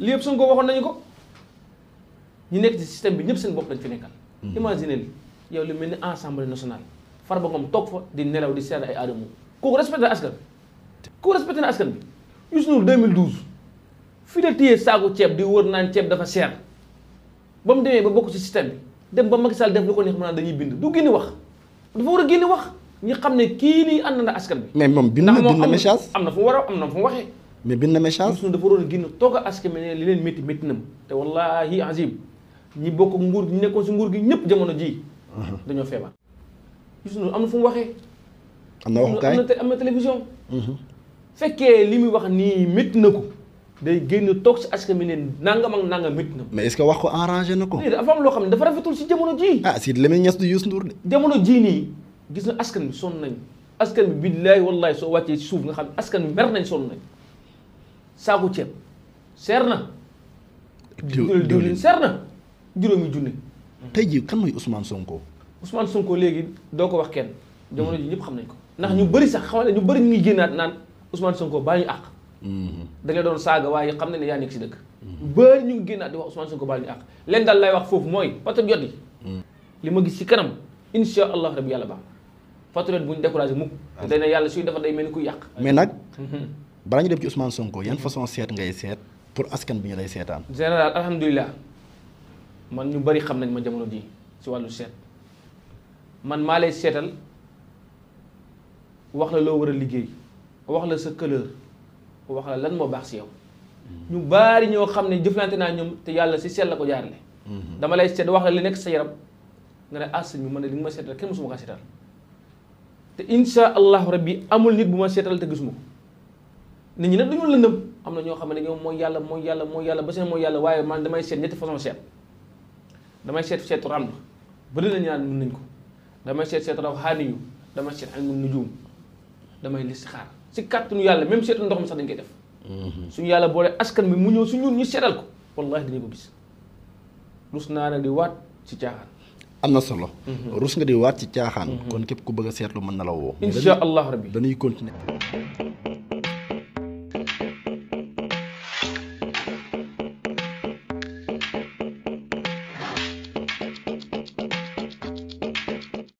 li yëpp ko waxoon nañu ko ñu nekk ci système bi ñëpp seen bopp lañ fi nekkal. Hmm. imagine li yow lu mel ni assemblée nationale Farba Ngom toog fa di nelaw di seet ay aadamu kooku respecté na askan. kooku respecté na askan bi Youssou Ndour 2012 fii la téye saaku ceeb di wër naan ceeb dafa seer ba mu demee ba bokk ci système bi dem ba Macky Sall def lu ko neex maanaam dañuy bind du génn wax dafa war a génn wax ñi xam ne kii nii ànd na askan bi. mais moom bind na bind na message am na fu mu war a am na fu mu waxee. mais bind na message. Youssou Ndour dafa waroon a génn toog a askan bi ne li leen métti métti na mu te wallaahi azim ñi bokk nguur gi nekkoon si nguur gi ñëpp jamono ji dañoo feebar. Youssou Ndour am na fu mu waxee. am na waxukaay am na télévision. Mhm. fekkee li muy wax nii métti na ko. day génn toog si askan bi ne nangam ak nangam métti na. mais est-ce na ko. dafa loo xam ne dafa rafetul si jamono jii. ah si Lamine Niass du Youssou Ndour de. jamono jii nii gis na askan bi sonn nañ askan bi billaahi wallaahi soo wàccee si suuf nga xam askan bi mer nañ sonn nañ saaku ceeb seer na. diwlin seer na juróomi junne. tey jii kan mooy Ousmane Sonko. Ousmane Sonko léegi doo ko wax kenn jamono ji ñëpp xam nañ ko ndax ñu bëri sax xamal ñu bëri ñu ngi génnaat naan Ousmane Sonko baa ñu àq. Mhm. da doon saaga waaye xam na ne yaa nekk si dëkk. ñu bëri ñu ngi génnaat di wax Ousmane baal ñu àq leen lay wax foofu mooy patriote yi. Mhm. li ma gis si kanam incha allah rabbi yàlla baax patriote bu ñu découragé mukk. te day yàlla suy defar day mel ni kuy yàq. mais nag. Mhm. balaa ñu dem ci Ousmane Sonko yan façon seet ngay seet pour askan bi ñu lay seetaan. général alhamdulilah man ñu bari xam nañ ma jamono ji ci wàllu seet man maa lay seetal wax la loo war a liggéey wax la sa couleur wax la lan moo baax si yow hmm. ñu bari ñoo xam ne jëflante naa ñoom te yàlla si seet la ko jaarale. Hmm. dama lay seet wax la li nekk sa yaram nga ne as ah, bi man ne li nga ma seetal kenn mësuma kaa seetal te incha allahu rabbi amul nit bu ma seetal te gisuma nit ñi nag dañoo lëndëm am na ñoo xam ne dañoo mooy yàlla mooy yàlla mooy yàlla ba seen mooy yàlla waaye man damay seet ñetti façon seet damay seet seetu ramd bëri nañu naan mën nañ ko damay seet seetu raw xaaniyu damay seet ay nu juum damay listixaar si kàttanu yàlla même seetu ndox mi sax dañ koy def mhm. suñu yàlla boole askan bi mu ñëw su ñun ñu seetal ko wallahi dañu ko gis rus naa ne di waat ci caaxaan am na solo mhm. rus nga di waat ci caaxaan mhm. kon képp ku bëgg seet seetlu mën na la woo insha allah rabbi dañuy